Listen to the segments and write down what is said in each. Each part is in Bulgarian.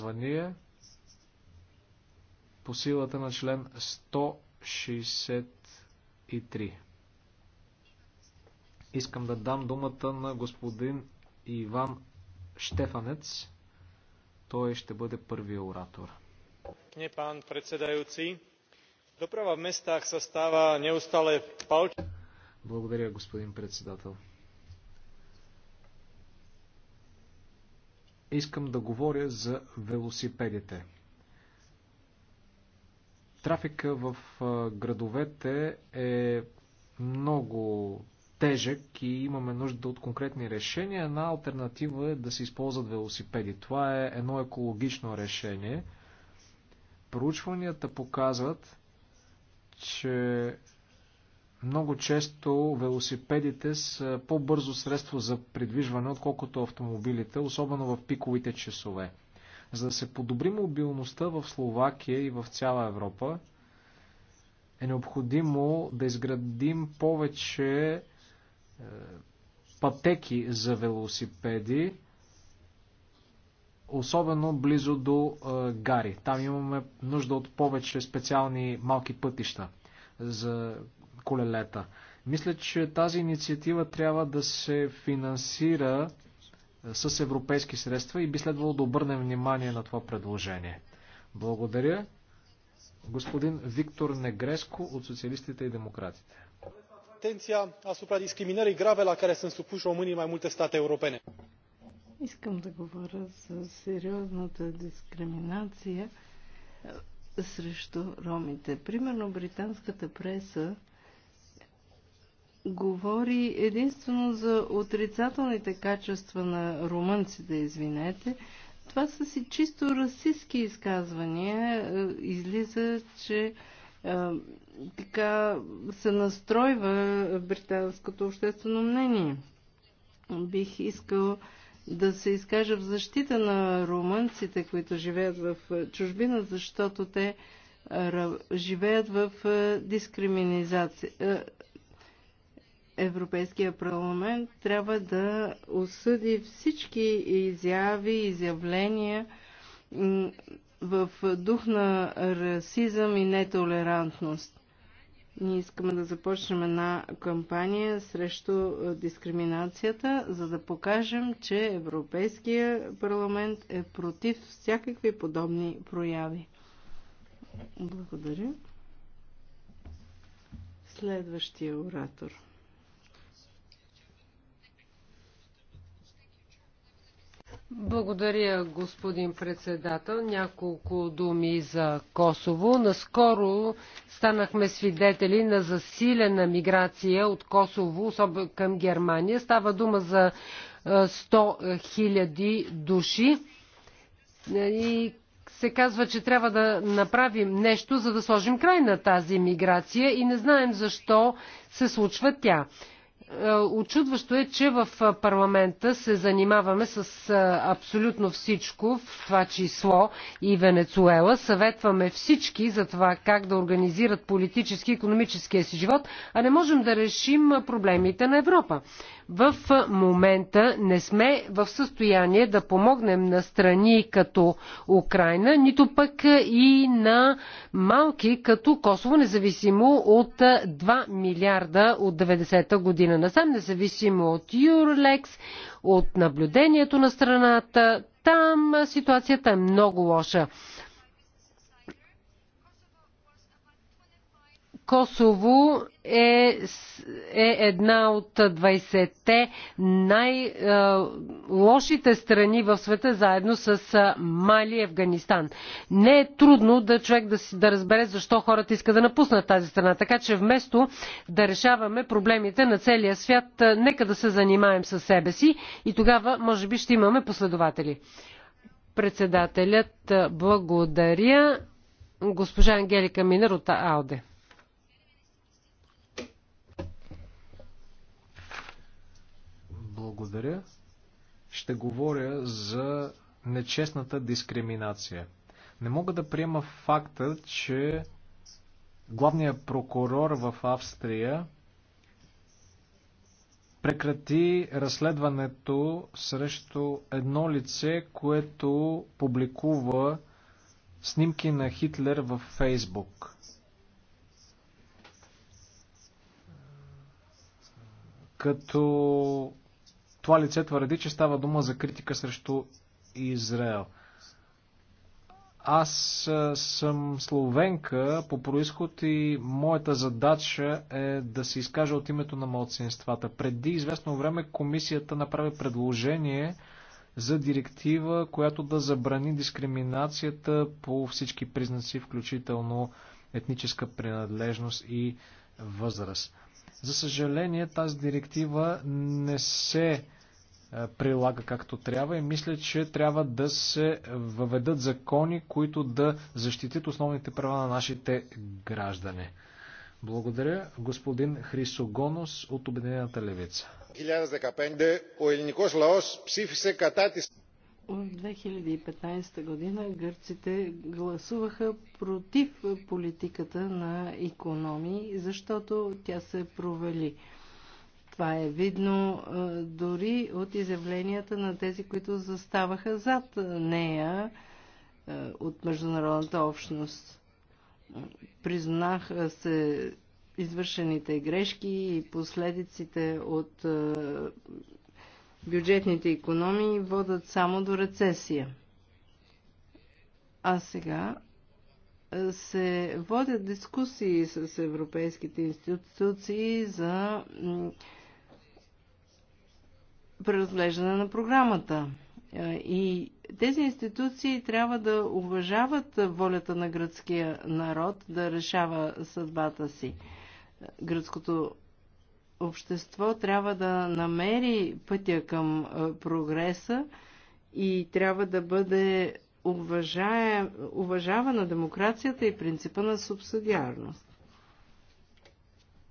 изказвания по силата на член 163. Искам да дам думата на господин Иван Штефанец. Той ще бъде първият оратор. Не, пан председаюци. Доправа в местах състава неустале палче. Благодаря, господин председател. искам да говоря за велосипедите. Трафика в градовете е много тежък и имаме нужда от конкретни решения. Една альтернатива е да се използват велосипеди. Това е едно екологично решение. Проучванията показват, че много често велосипедите са по-бързо средство за придвижване, отколкото автомобилите, особено в пиковите часове. За да се подобри мобилността в Словакия и в цяла Европа, е необходимо да изградим повече е, пътеки за велосипеди, особено близо до е, гари. Там имаме нужда от повече специални малки пътища за колелета. Мисля, че тази инициатива трябва да се финансира с европейски средства и би следвало да обърнем внимание на това предложение. Благодаря. Господин Виктор Негреско от Социалистите и Демократите. атенция asupra discriminării grave la care sunt supuși românii mai multe state europene. Искам да говоря за сериозната дискриминация срещу ромите. Примерно британската преса говори единствено за отрицателните качества на румънците, извинете. Това са си чисто расистски изказвания. Е, излиза, че а, е, така се настройва британското обществено мнение. Бих искал да се изкажа в защита на румънците, които живеят в е, чужбина, защото те живеят в дискриминация Европейския парламент трябва да осъди всички изяви, изявления в дух на расизъм и нетолерантност. Ние искаме да започнем една кампания срещу дискриминацията, за да покажем, че Европейския парламент е против всякакви подобни прояви. Благодаря. Следващия оратор. Благодаря, господин председател. Няколко думи за Косово. Наскоро станахме свидетели на засилена миграция от Косово особено към Германия. Става дума за 100 000 души. И се казва, че трябва да направим нещо, за да сложим край на тази миграция и не знаем защо се случва тя. Е, очудващо е, че в парламента се занимаваме с абсолютно всичко, в това число и Венецуела. Съветваме всички за това как да организират политически и економическия си живот, а не можем да решим проблемите на Европа. В момента не сме в състояние да помогнем на страни като Украина, нито пък и на малки като Косово, независимо от 2 милиарда от 90-та година насам, независимо от Юрлекс, от наблюдението на страната. Там ситуацията е много лоша. Косово е, е една от 20-те най-лошите страни в света, заедно с Мали и Афганистан. Не е трудно да човек да, си, да разбере защо хората искат да напуснат тази страна. Така че вместо да решаваме проблемите на целия свят, нека да се занимаем с себе си и тогава може би ще имаме последователи. Председателят благодаря госпожа Ангелика Минер от АУДЕ. Благодаря. Ще говоря за нечестната дискриминация. Не мога да приема факта, че главният прокурор в Австрия прекрати разследването срещу едно лице, което публикува снимки на Хитлер в Фейсбук. Като това лице твърди, че става дума за критика срещу Израел. Аз съм словенка по происход и моята задача е да се изкажа от името на младсинствата. Преди известно време комисията направи предложение за директива, която да забрани дискриминацията по всички признаци, включително етническа принадлежност и възраст. За съжаление, тази директива не се е, прилага както трябва и мисля, че трябва да се въведат закони, които да защитят основните права на нашите граждани. Благодаря, господин Хрисогонос от Обединената левица. В 2015 година гърците гласуваха против политиката на економии, защото тя се провали. Това е видно дори от изявленията на тези, които заставаха зад нея от международната общност. Признаха се извършените грешки и последиците от бюджетните економии водат само до рецесия. А сега е, се водят дискусии с европейските институции за преразглеждане на програмата. Е, и тези институции трябва да уважават волята на гръцкия народ да решава съдбата си. Гръцкото общество трябва да намери пътя към е, прогреса и трябва да бъде уважава уважавана демокрацията и принципа на субсидиарност.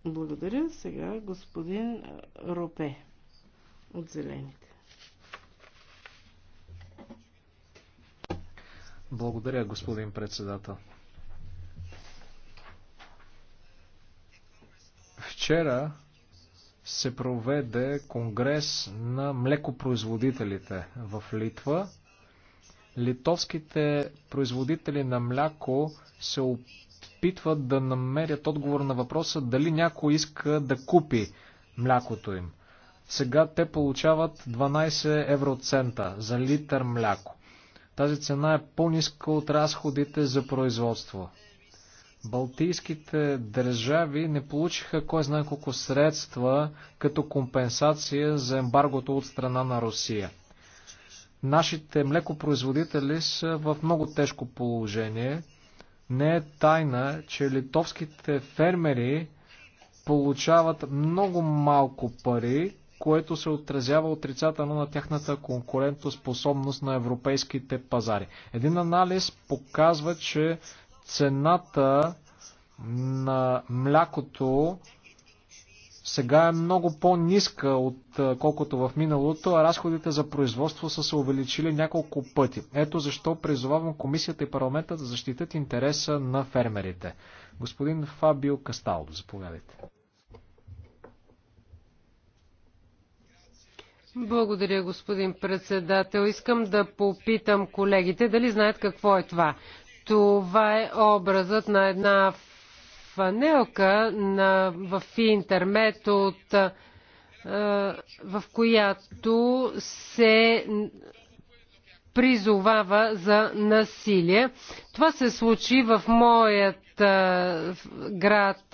Благодаря. Сега господин е, Ропе от Зелените. Благодаря, господин председател. Вчера се проведе конгрес на млекопроизводителите в Литва. Литовските производители на мляко се опитват да намерят отговор на въпроса дали някой иска да купи млякото им. Сега те получават 12 евроцента за литър мляко. Тази цена е по-ниска от разходите за производство. Балтийските държави не получиха кой знае колко средства като компенсация за ембаргото от страна на Русия. Нашите млекопроизводители са в много тежко положение. Не е тайна, че литовските фермери получават много малко пари, което се отразява отрицателно на тяхната конкурентоспособност на европейските пазари. Един анализ показва, че цената на млякото сега е много по-ниска от колкото в миналото, а разходите за производство са се увеличили няколко пъти. Ето защо призовавам комисията и парламента да защитят интереса на фермерите. Господин Фабио Касталдо, заповядайте. Благодаря, господин председател. Искам да попитам колегите дали знаят какво е това. Това е образът на една фанелка на, в интернет от в която се призовава за насилие. Това се случи в моят град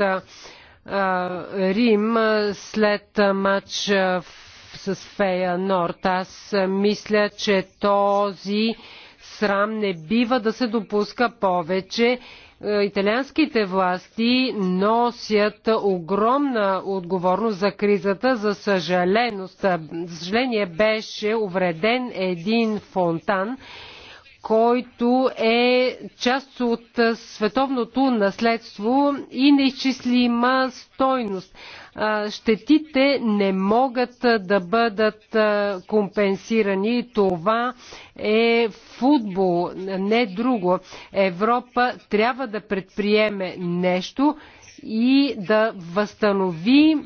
Рим след матч с Фея Норд. Аз мисля, че този срам. Не бива да се допуска повече. Е, италианските власти носят огромна отговорност за кризата. За, съжаление беше увреден един фонтан който е част от световното наследство и неизчислима стойност. Щетите не могат да бъдат компенсирани. Това е футбол, не друго. Европа трябва да предприеме нещо и да възстанови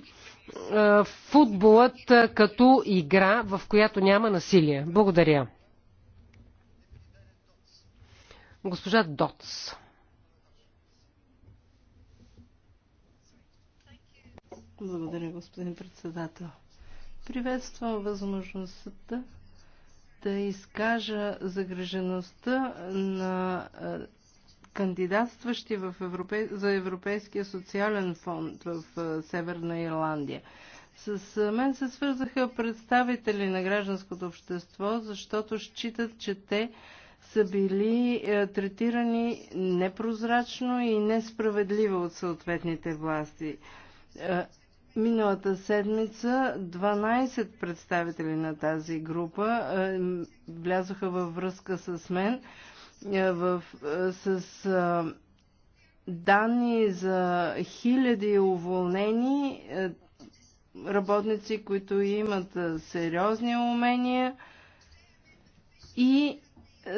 футболът като игра, в която няма насилие. Благодаря. Госпожа Доц. Благодаря, господин председател. Приветствам възможността да изкажа загрежеността на кандидатстващи в Европей... за Европейския социален фонд в Северна Ирландия. С мен се свързаха представители на гражданското общество, защото считат, че те са били е, третирани непрозрачно и несправедливо от съответните власти. Е, миналата седмица 12 представители на тази група е, влязоха във връзка с мен в, с данни за хиляди уволнени работници, които имат сериозни умения и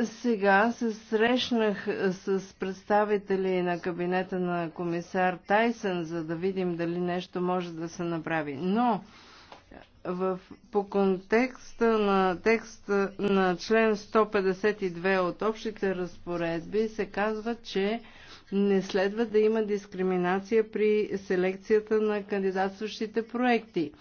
сега се срещнах с представители на кабинета на комисар Тайсън, за да видим дали нещо може да се направи. Но в, по контекста на текста на член 152 от общите разпоредби се казва, че не следва да има дискриминация при селекцията на кандидатстващите проекти.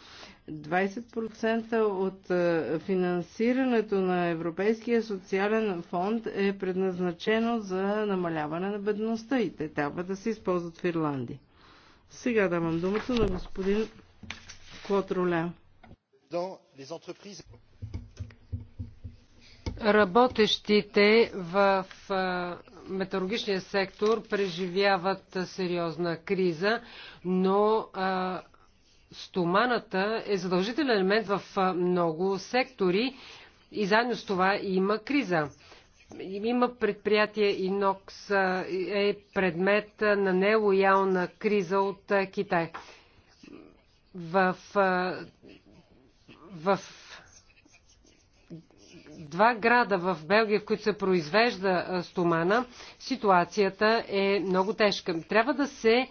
20% от е, финансирането на Европейския социален фонд е предназначено за намаляване на бедността и те трябва да се използват в Ирландия. Сега давам думата на господин Клод Роля. Работещите в е, металургичния сектор преживяват сериозна криза, но е, стоманата е задължителен елемент в много сектори и заедно с това има криза. Има предприятие Инокс е предмет на нелоялна криза от Китай. В, в два града в Белгия, в които се произвежда стомана, ситуацията е много тежка. Трябва да се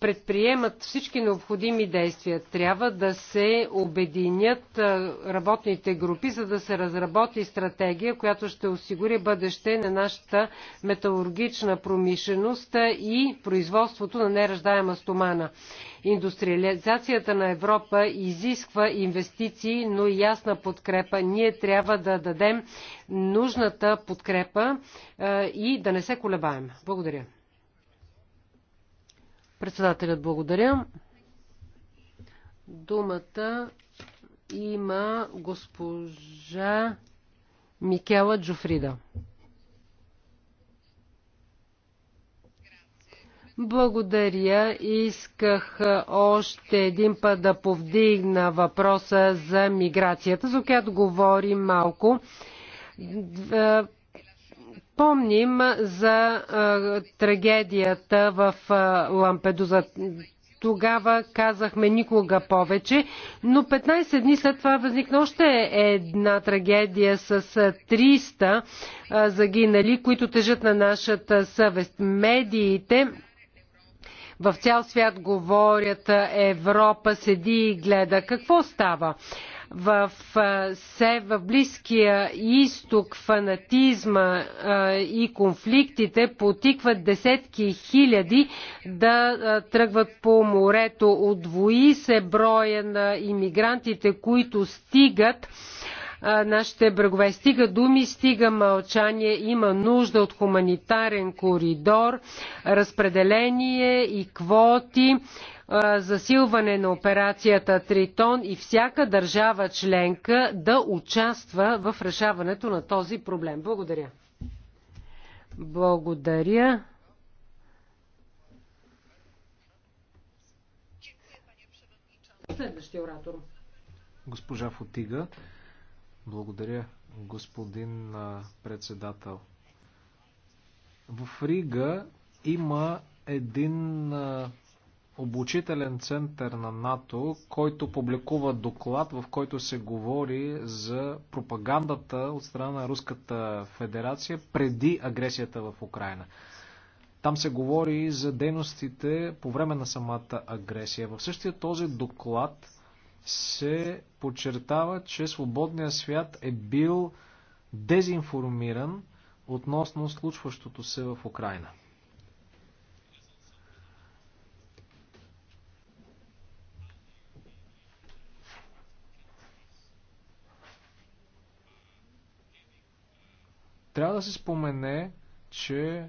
предприемат всички необходими действия. Трябва да се обединят работните групи, за да се разработи стратегия, която ще осигури бъдеще на нашата металургична промишленост и производството на неръждаема стомана. Индустриализацията на Европа изисква инвестиции, но и ясна подкрепа. Ние трябва да дадем нужната подкрепа и да не се колебаем. Благодаря. Председателят благодаря. Думата има госпожа Микела Джофрида. Благодаря. Исках още един път да повдигна въпроса за миграцията, за която говорим малко. Помним за трагедията в Лампедуза. Тогава казахме никога повече, но 15 дни след това възникна още една трагедия с 300 загинали, които тежат на нашата съвест. Медиите в цял свят говорят Европа седи и гледа. Какво става? В, се, в Близкия изток фанатизма и конфликтите потикват десетки хиляди да тръгват по морето. Отвои се броя на иммигрантите, които стигат нашите брегове. Стига думи, стига мълчание, има нужда от хуманитарен коридор, разпределение и квоти засилване на операцията Тритон и всяка държава членка да участва в решаването на този проблем. Благодаря. Благодаря. Следващия оратор. Госпожа Фотига, благодаря, господин председател. В Рига има един обучителен център на НАТО, който публикува доклад, в който се говори за пропагандата от страна на Руската федерация преди агресията в Украина. Там се говори и за дейностите по време на самата агресия. В същия този доклад се подчертава, че свободният свят е бил дезинформиран относно случващото се в Украина. Трябва да се спомене, че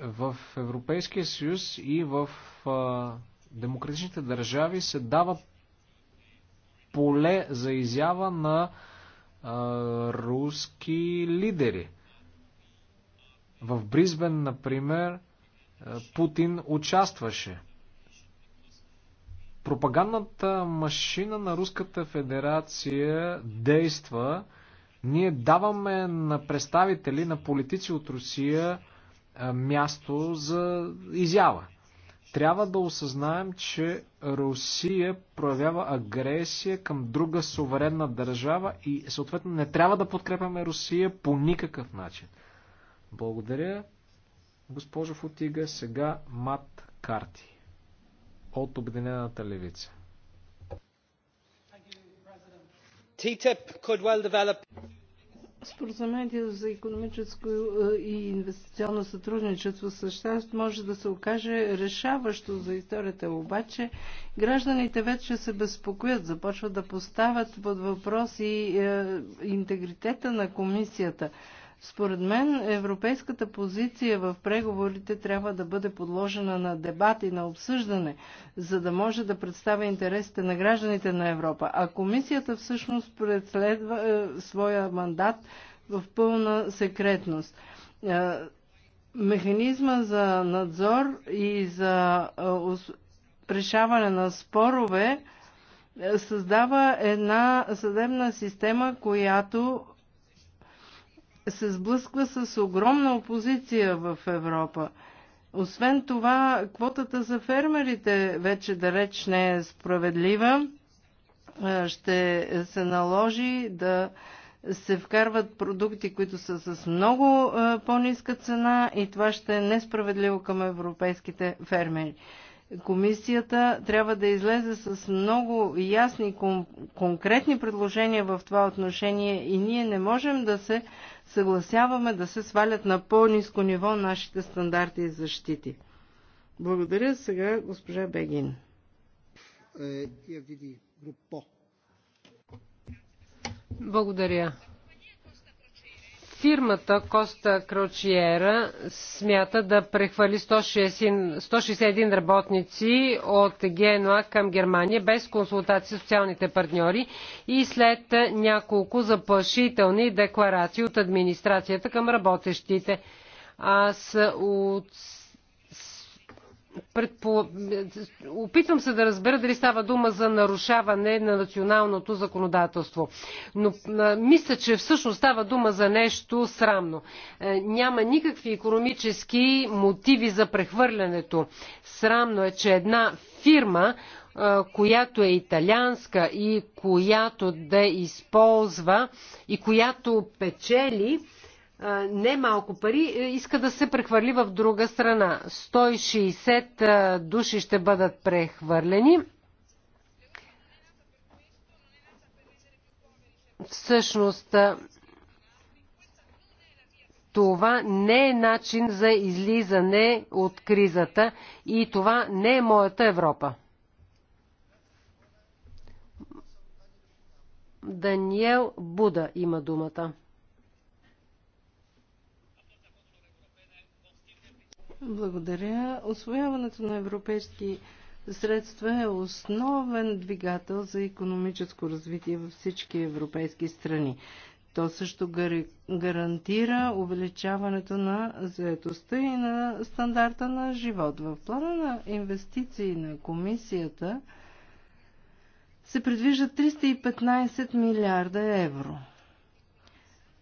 в Европейския съюз и в а, демократичните държави се дава поле за изява на а, руски лидери. В Бризбен, например, Путин участваше. Пропагандната машина на Руската федерация действа ние даваме на представители, на политици от Русия място за изява. Трябва да осъзнаем, че Русия проявява агресия към друга суверенна държава и съответно не трябва да подкрепяме Русия по никакъв начин. Благодаря, госпожо Футига. Сега Мат Карти от Обединената левица. TTIP could well develop Споразумението за економическо е, и инвестиционно сътрудничество с САЩ може да се окаже решаващо за историята, обаче гражданите вече се безпокоят, започват да поставят под въпрос и е, интегритета на комисията. Според мен европейската позиция в преговорите трябва да бъде подложена на дебат и на обсъждане, за да може да представя интересите на гражданите на Европа. А комисията всъщност преследва е, своя мандат в пълна секретност. Е, механизма за надзор и за е, решаване на спорове е, създава една съдебна система, която се сблъсква с огромна опозиция в Европа. Освен това, квотата за фермерите вече далеч не е справедлива. Ще се наложи да се вкарват продукти, които са с много по-ниска цена и това ще е несправедливо към европейските фермери. Комисията трябва да излезе с много ясни конкретни предложения в това отношение и ние не можем да се съгласяваме да се свалят на по-низко ниво нашите стандарти и защити. Благодаря сега госпожа Бегин. Е, Благодаря фирмата Коста Крочиера смята да прехвали 161, 161 работници от Генуа към Германия без консултация с социалните партньори и след няколко заплашителни декларации от администрацията към работещите. Аз от Предпо... Опитвам се да разбера дали става дума за нарушаване на националното законодателство. Но мисля, че всъщност става дума за нещо срамно. Е, няма никакви економически мотиви за прехвърлянето. Срамно е, че една фирма, която е италианска и която да използва и която печели не малко пари, е, иска да се прехвърли в друга страна. 160 души ще бъдат прехвърлени. Всъщност, това не е начин за излизане от кризата и това не е моята Европа. Даниел Буда има думата. Благодаря. Освояването на европейски средства е основен двигател за економическо развитие във всички европейски страни. То също гарантира увеличаването на заетостта и на стандарта на живот. В плана на инвестиции на комисията се предвижда 315 милиарда евро.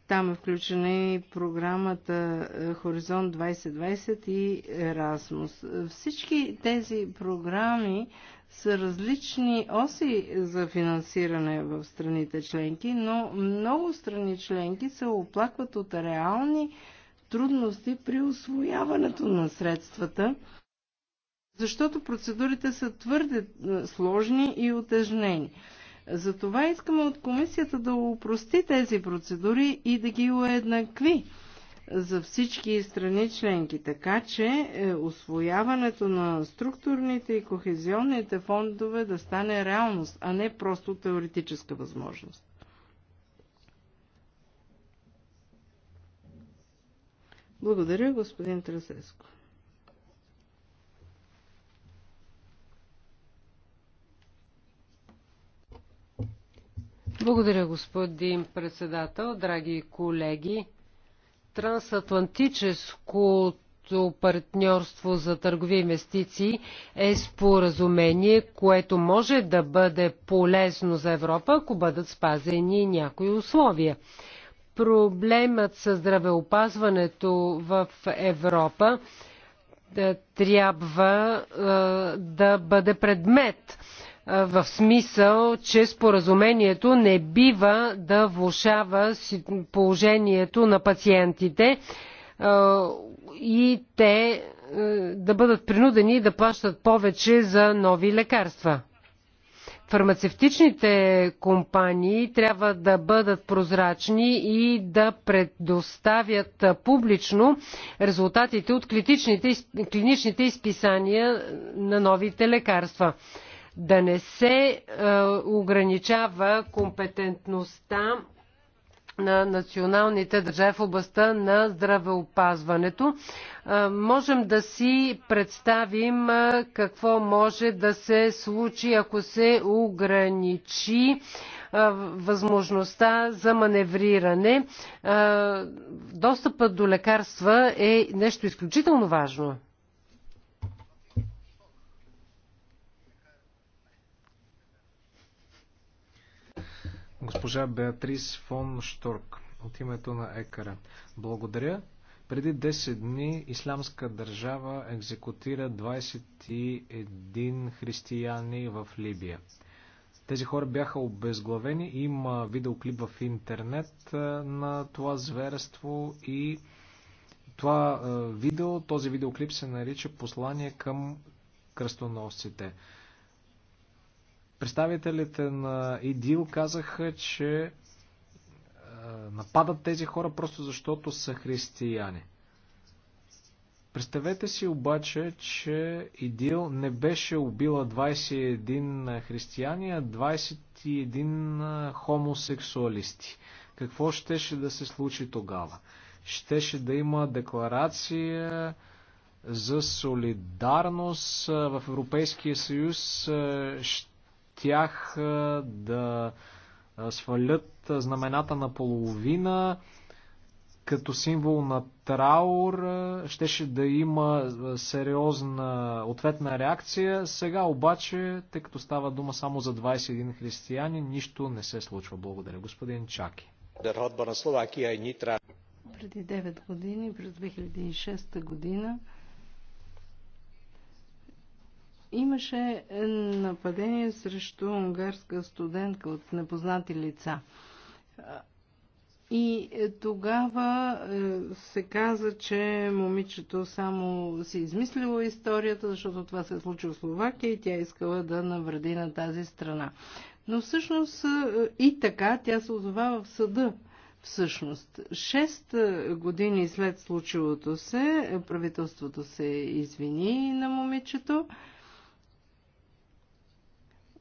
Там е включена и програмата е, Хоризонт 2020 и Erasmus. Всички тези програми са различни оси за финансиране в страните членки, но много страни членки се оплакват от реални трудности при освояването на средствата, защото процедурите са твърде е, сложни и отежнени. Затова искаме от комисията да упрости тези процедури и да ги уеднакви за всички страни членки. Така че е, освояването на структурните и кохезионните фондове да стане реалност, а не просто теоретическа възможност. Благодаря, господин Трасеско. Благодаря, господин председател, драги колеги. Трансатлантическото партньорство за търгови инвестиции е споразумение, което може да бъде полезно за Европа, ако бъдат спазени някои условия. Проблемът с здравеопазването в Европа е, трябва е, да бъде предмет в смисъл, че споразумението не бива да влушава положението на пациентите и те да бъдат принудени да плащат повече за нови лекарства. Фармацевтичните компании трябва да бъдат прозрачни и да предоставят публично резултатите от клиничните изписания на новите лекарства да не се е, ограничава компетентността на националните държави в областта на здравеопазването. Е, можем да си представим е, какво може да се случи, ако се ограничи възможността за маневриране. Достъпът до лекарства е нещо изключително важно. Госпожа Беатрис фон Шторк от името на ЕКАРА. Благодаря. Преди 10 дни Исламска държава екзекутира 21 християни в Либия. Тези хора бяха обезглавени. Има видеоклип в интернет на това зверство и това видео, този видеоклип се нарича Послание към кръстоносците. Представителите на ИДИЛ казаха, че е, нападат тези хора просто защото са християни. Представете си обаче, че Идил не беше убила 21 християни, а 21 хомосексуалисти. Какво щеше да се случи тогава? Щеше да има декларация за солидарност в Европейския съюз, ще тях да свалят знамената на половина като символ на траур. Щеше да има сериозна ответна реакция. Сега обаче, тъй като става дума само за 21 християни, нищо не се случва. Благодаря. Господин Чаки. Преди 9 години, през 2006 година, Имаше е, нападение срещу унгарска студентка от непознати лица. И е, тогава е, се каза, че момичето само си измислило историята, защото това се е случило в Словакия и тя искала да навреди на тази страна. Но всъщност и така тя се озова в съда. Всъщност, 6 години след случилото се, правителството се извини на момичето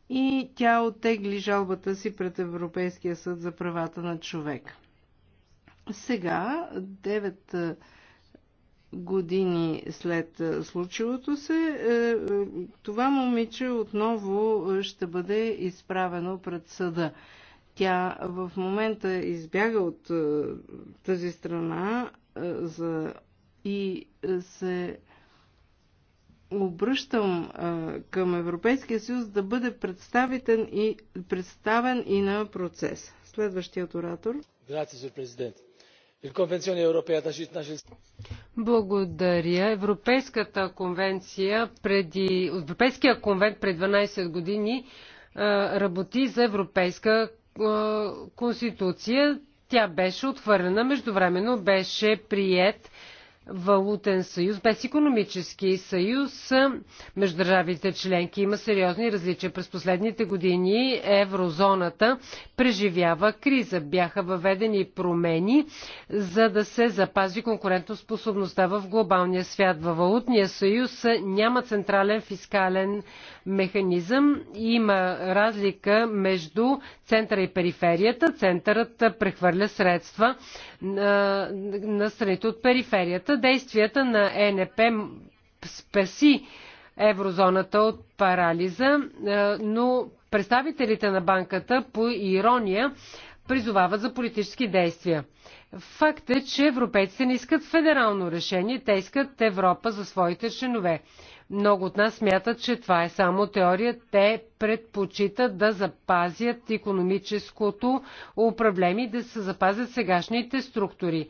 и тя оттегли жалбата си пред Европейския съд за правата на човек. Сега, 9 години след случилото се, е, е, това момиче отново е, ще бъде изправено пред съда. Тя в момента избяга от тази страна за и се обръщам а, към Европейския съюз да бъде представен и, представен и на процес. Следващият оратор. Благодаря. Европейската конвенция преди... Европейския конвент пред 12 години а, работи за Европейска а, конституция. Тя беше отхвърлена. Междувременно беше прият валутен съюз, без економически съюз между държавите членки има сериозни различия. През последните години еврозоната преживява криза. Бяха въведени промени, за да се запази конкурентоспособността в глобалния свят. Във валутния съюз няма централен фискален механизъм. Има разлика между центъра и периферията. Центърът прехвърля средства на, на страните от периферията действията на ЕНП спаси еврозоната от парализа, е, но представителите на банката по ирония призовават за политически действия. Факт е, че европейците не искат федерално решение, те искат Европа за своите членове. Много от нас смятат, че това е само теория. Те предпочитат да запазят економическото управление и да се запазят сегашните структури.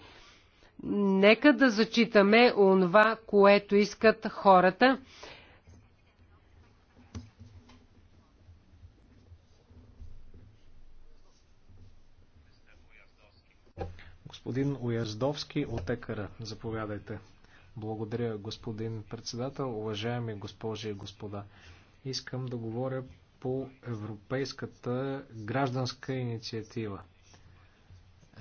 Нека да зачитаме онова, което искат хората. Господин Уяздовски от Екара, заповядайте. Благодаря, господин председател, уважаеми госпожи и господа. Искам да говоря по Европейската гражданска инициатива –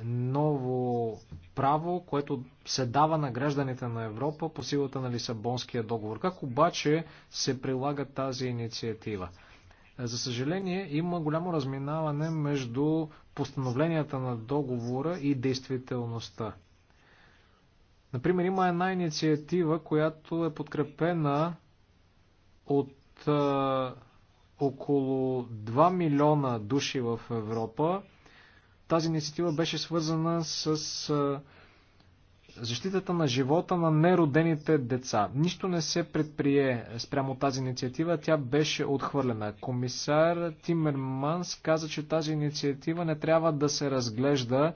ново право, което се дава на гражданите на Европа по силата на Лисабонския договор. Как обаче се прилага тази инициатива? За съжаление, има голямо разминаване между постановленията на договора и действителността. Например, има една инициатива, която е подкрепена от около 2 милиона души в Европа тази инициатива беше свързана с защитата на живота на неродените деца. Нищо не се предприе спрямо тази инициатива, тя беше отхвърлена. Комисар Тимерманс каза, че тази инициатива не трябва да се разглежда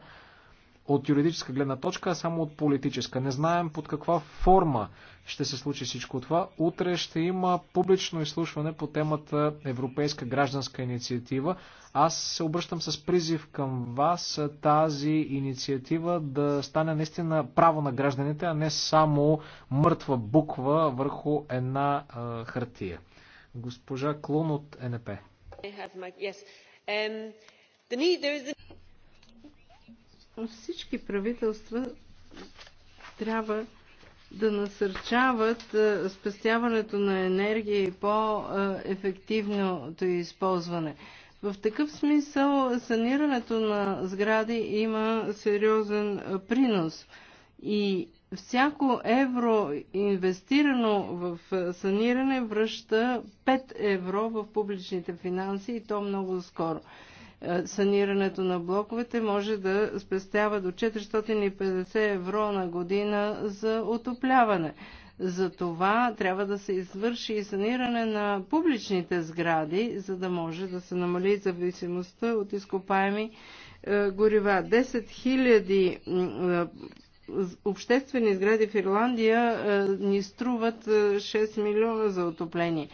от юридическа гледна точка, а само от политическа. Не знаем под каква форма ще се случи всичко това. Утре ще има публично изслушване по темата Европейска гражданска инициатива. Аз се обръщам с призив към вас тази инициатива да стане наистина право на гражданите, а не само мъртва буква върху една а, хартия. Госпожа Клон от НП всички правителства трябва да насърчават е, спестяването на енергия и по-ефективното използване. В такъв смисъл санирането на сгради има сериозен е, принос и всяко евро инвестирано в е, саниране връща 5 евро в публичните финанси и то много скоро. Е, санирането на блоковете може да спестява до 450 евро на година за отопляване. За това трябва да се извърши и саниране на публичните сгради, за да може да се намали зависимостта от изкопаеми е, горива. 10 000 е, обществени сгради в Ирландия ни струват 6 милиона за отопление.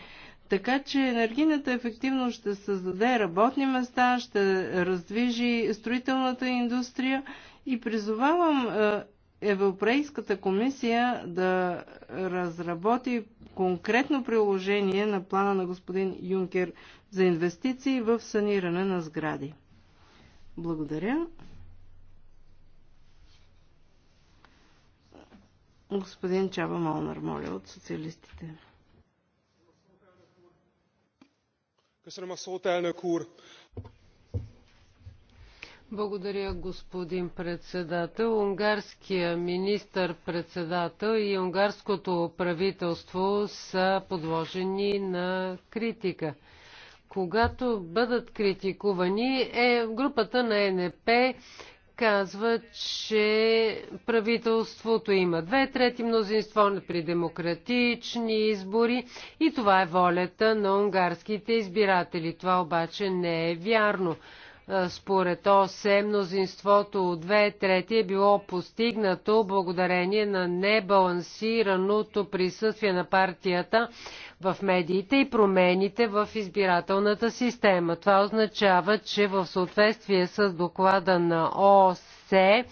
Така че енергийната ефективност ще създаде работни места, ще раздвижи строителната индустрия и призовавам е, Европейската комисия да разработи конкретно приложение на плана на господин Юнкер за инвестиции в саниране на сгради. Благодаря. Господин Чаба Молнар, моля, от социалистите. Благодаря, господин председател. Унгарския министър-председател и унгарското правителство са подложени на критика. Когато бъдат критикувани, е, групата на НП казва, че правителството има две трети мнозинство при демократични избори и това е волята на унгарските избиратели. Това обаче не е вярно. Според ОСЕ мнозинството от две трети е било постигнато благодарение на небалансираното присъствие на партията в медиите и промените в избирателната система. Това означава, че в съответствие с доклада на ОСЕ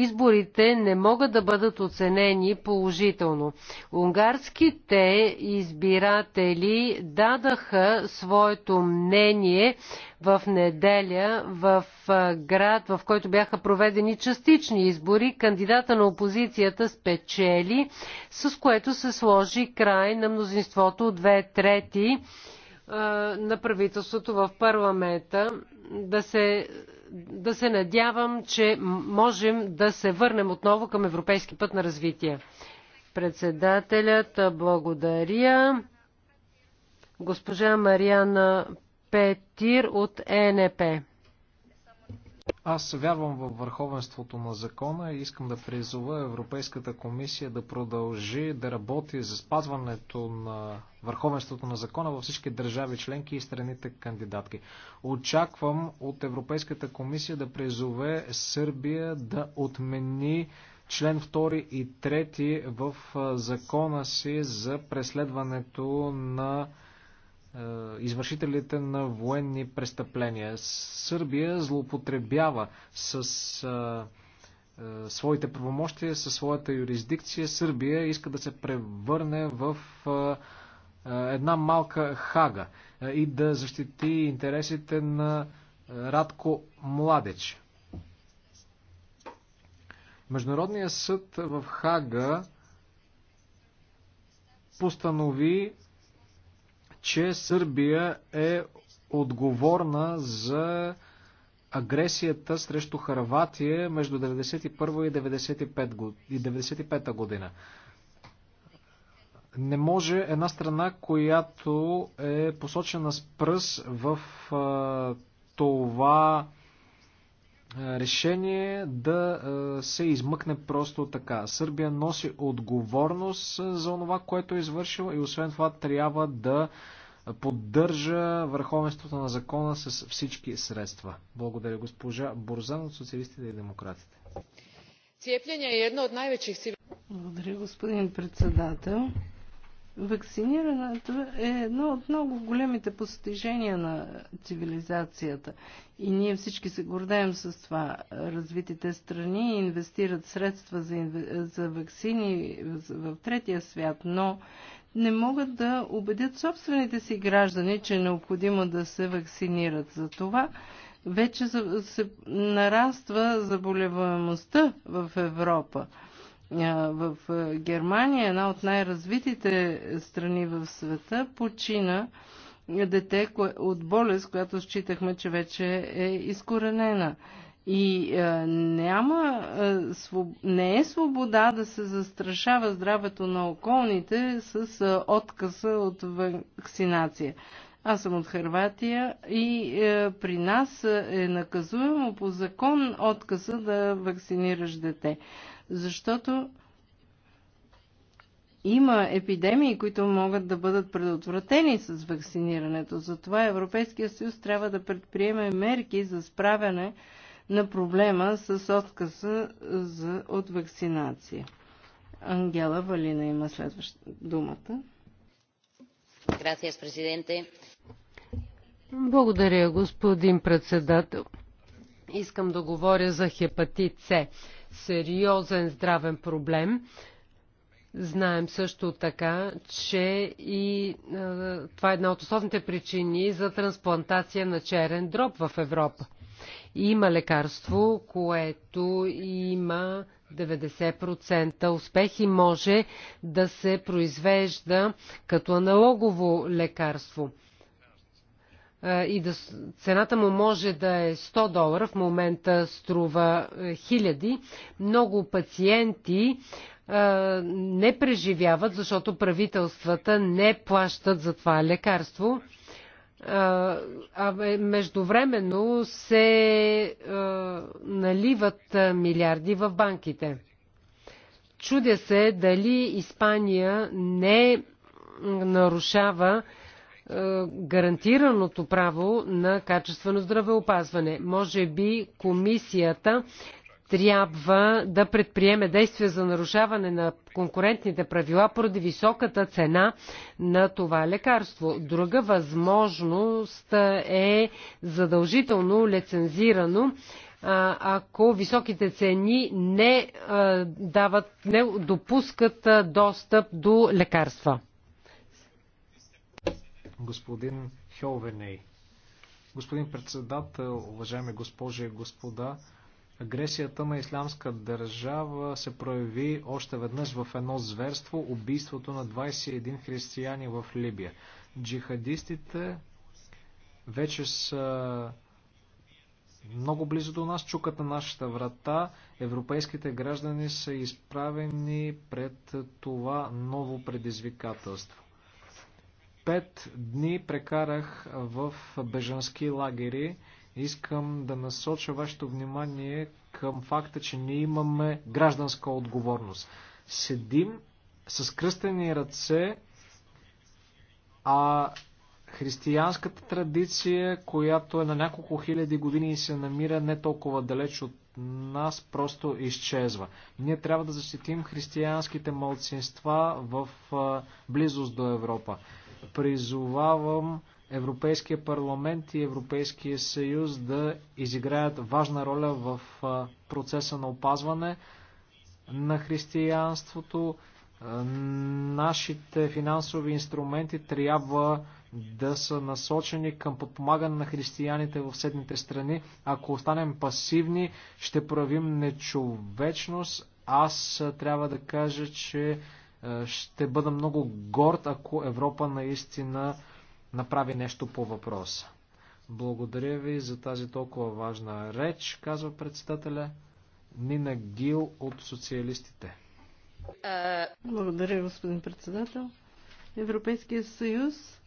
изборите не могат да бъдат оценени положително. Унгарските избиратели дадаха своето мнение в неделя в град, в който бяха проведени частични избори. Кандидата на опозицията спечели, с което се сложи край на мнозинството от две трети на правителството в парламента да се да се надявам, че можем да се върнем отново към европейски път на развитие. Председателят, благодаря. Госпожа Мариана Петир от ЕНП. Аз вярвам във върховенството на закона и искам да призова Европейската комисия да продължи да работи за спазването на върховенството на закона във всички държави членки и страните кандидатки. Очаквам от Европейската комисия да призове Сърбия да отмени член 2 и 3 в закона си за преследването на е, извършителите на военни престъпления. Сърбия злоупотребява с е, е, своите правомощия, със своята юрисдикция. Сърбия иска да се превърне в една малка хага и да защити интересите на Радко Младеч. Международният съд в Хага постанови че Сърбия е отговорна за агресията срещу Харватия между 1991 и 1995 година. Не може една страна, която е посочена с пръс в това решение да се измъкне просто така. Сърбия носи отговорност за това, което е извършила и освен това трябва да поддържа върховенството на закона с всички средства. Благодаря госпожа Борзан от Социалистите и Демократите. Цепление е едно от най-вечих Благодаря, господин председател. Вакцинирането е едно от много големите постижения на цивилизацията и ние всички се гордеем с това. Развитите страни инвестират средства за, инв... за вакцини в третия свят, но не могат да убедят собствените си граждани, че е необходимо да се вакцинират. За това вече се нараства заболеваемостта в Европа в Германия, една от най-развитите страни в света, почина дете от болест, която считахме, че вече е изкоренена. И няма, своб... не е свобода да се застрашава здравето на околните с а, отказа от вакцинация. Аз съм от Харватия и е, при нас е наказуемо по закон отказа да вакцинираш дете защото има епидемии, които могат да бъдат предотвратени с вакцинирането. Затова Европейския съюз трябва да предприеме мерки за справяне на проблема с отказа за, от вакцинация. Ангела Валина има следваща думата. Благодаря, господин председател. Искам да говоря за хепатит С сериозен здравен проблем. Знаем също така, че и е, това е една от основните причини за трансплантация на черен дроб в Европа. Има лекарство, което има 90% успех и може да се произвежда като аналогово лекарство и да, цената му може да е 100 долара, в момента струва е, хиляди. Много пациенти не преживяват, защото правителствата не плащат за това лекарство. А е, междувременно се наливат милиарди в банките. Чудя се дали Испания не нарушава е, гарантираното право на качествено здравеопазване. Може би комисията трябва да предприеме действия за нарушаване на конкурентните правила поради високата цена на това лекарство. Друга възможност е задължително лицензирано ако високите цени не, дават, не допускат достъп до лекарства господин Хелвеней. Господин председател, уважаеми госпожи и господа, агресията на ислямска държава се прояви още веднъж в едно зверство убийството на 21 християни в Либия. Джихадистите вече са много близо до нас, чукат на нашата врата. Европейските граждани са изправени пред това ново предизвикателство. Пет дни прекарах в бежански лагери. Искам да насоча вашето внимание към факта, че ние имаме гражданска отговорност. Седим с кръстени ръце, а християнската традиция, която е на няколко хиляди години и се намира не толкова далеч от нас, просто изчезва. Ние трябва да защитим християнските малцинства в близост до Европа призовавам Европейския парламент и Европейския съюз да изиграят важна роля в процеса на опазване на християнството. Нашите финансови инструменти трябва да са насочени към подпомагане на християните в съседните страни. Ако останем пасивни, ще проявим нечовечност. Аз трябва да кажа, че е, ще бъда много горд, ако Европа наистина направи нещо по въпроса. Благодаря ви за тази толкова важна реч, казва председателя Нина Гил от социалистите. Е, благодаря, господин председател. Европейския съюз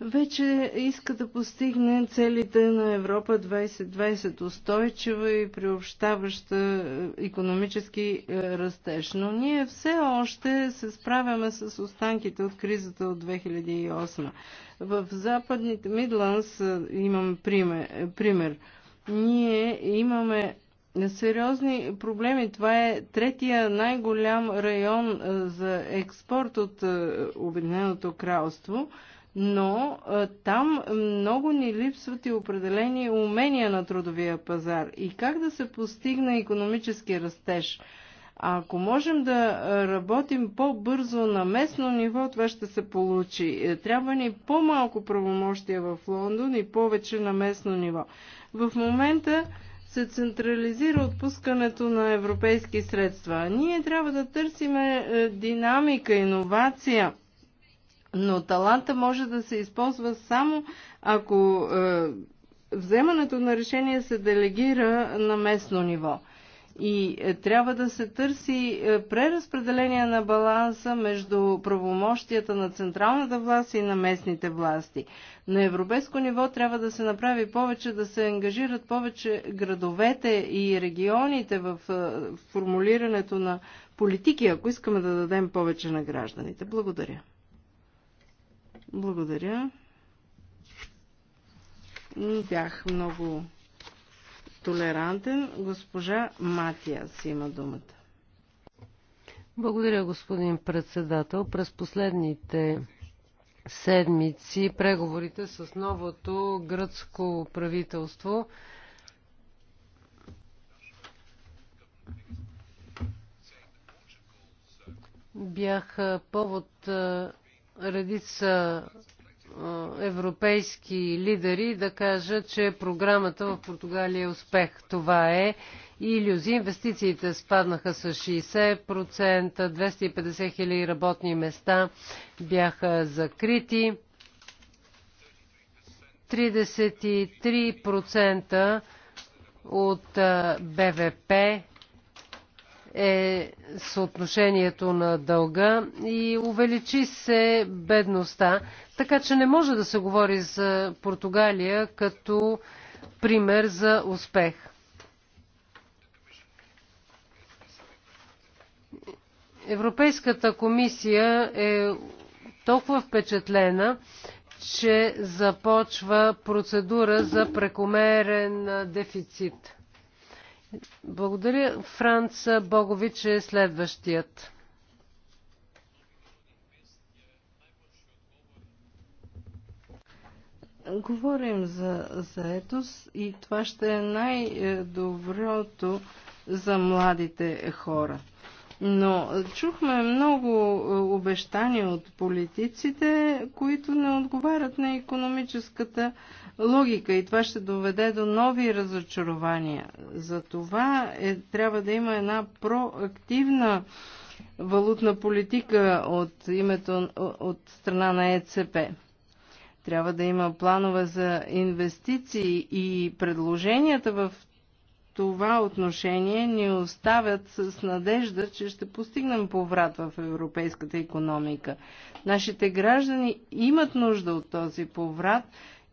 вече иска да постигне целите на Европа 2020 устойчива и приобщаваща економически е, растеж. Но ние все още се справяме с останките от кризата от 2008. В западните Мидландс е, имам пример. Е, пример. Ние имаме сериозни проблеми. Това е третия най-голям район за експорт от Обединеното кралство – но там много ни липсват и определени умения на трудовия пазар и как да се постигне економически растеж. ако можем да работим по-бързо на местно ниво, това ще се получи. Е, трябва ни по-малко правомощия в Лондон и повече на местно ниво. В момента се централизира отпускането на европейски средства. Ние трябва да търсим е, динамика, иновация но таланта може да се използва само ако е, вземането на решение се делегира на местно ниво. И е, трябва да се търси е, преразпределение на баланса между правомощията на централната власт и на местните власти. На европейско ниво трябва да се направи повече, да се ангажират повече градовете и регионите в е, формулирането на политики, ако искаме да дадем повече на гражданите. Благодаря. Благодаря. Бях много толерантен. Госпожа си има думата. Благодаря, господин председател. През последните седмици преговорите с новото гръцко правителство бяха повод редица европейски лидери да кажат, че програмата в Португалия е успех. Това е иллюзия. Инвестициите спаднаха с 60%, 250 хиляди работни места бяха закрити. 33% от БВП е съотношението на дълга и увеличи се бедността, така че не може да се говори за Португалия като пример за успех. Европейската комисия е толкова впечатлена, че започва процедура за прекомерен дефицит. Благодаря. Франц Богович е следващият. Говорим за заетост и това ще е най-доброто за младите хора. Но чухме много е, обещания от политиците, които не отговарят на економическата логика и това ще доведе до нови разочарования. За това е, трябва да има една проактивна валутна политика от името от страна на ЕЦП. Трябва да има планове за инвестиции и предложенията в това отношение ни оставят с надежда, че ще постигнем поврат в европейската економика. Нашите граждани имат нужда от този поврат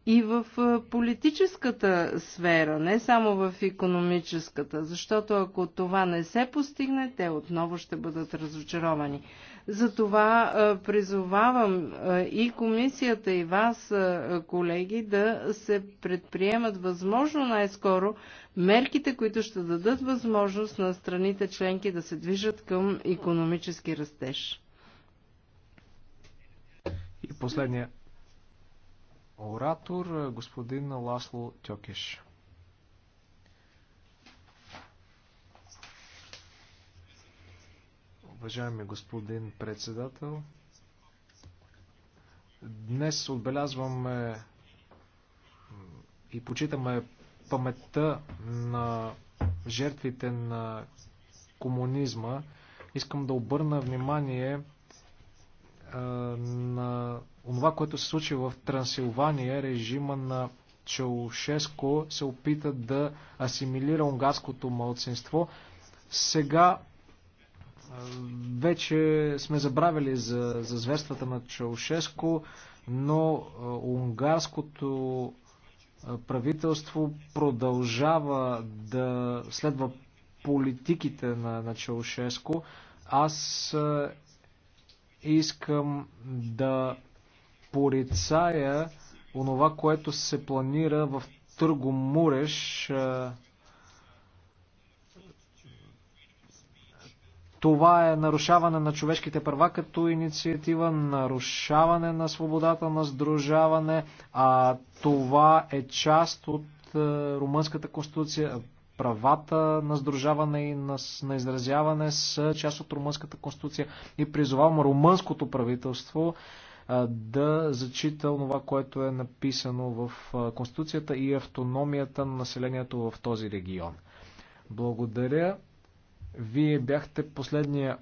и в политическата сфера, не само в економическата, защото ако това не се постигне, те отново ще бъдат разочаровани. Затова призовавам и комисията, и вас, колеги, да се предприемат възможно най-скоро мерките, които ще дадат възможност на страните членки да се движат към економически растеж. И последния оратор, господин Ласло Тьокеш. Уважаеми господин председател, днес отбелязваме и почитаме паметта на жертвите на комунизма. Искам да обърна внимание на това, което се случи в Трансилвания, режима на Чаушеско се опита да асимилира унгарското малцинство. Сега вече сме забравили за, за зверствата на Чаушеско, но унгарското правителство продължава да следва политиките на, на Чаушеско. Аз искам да порицая онова, което се планира в Търгомуреш. Муреш Това е нарушаване на човешките права като инициатива, нарушаване на свободата на сдружаване, а това е част от е, румънската конституция. Правата на сдружаване и на, на изразяване са част от румънската конституция и призовавам румънското правителство е, да зачита това, което е написано в е, конституцията и автономията на населението в този регион. Благодаря. Вие бяхте последния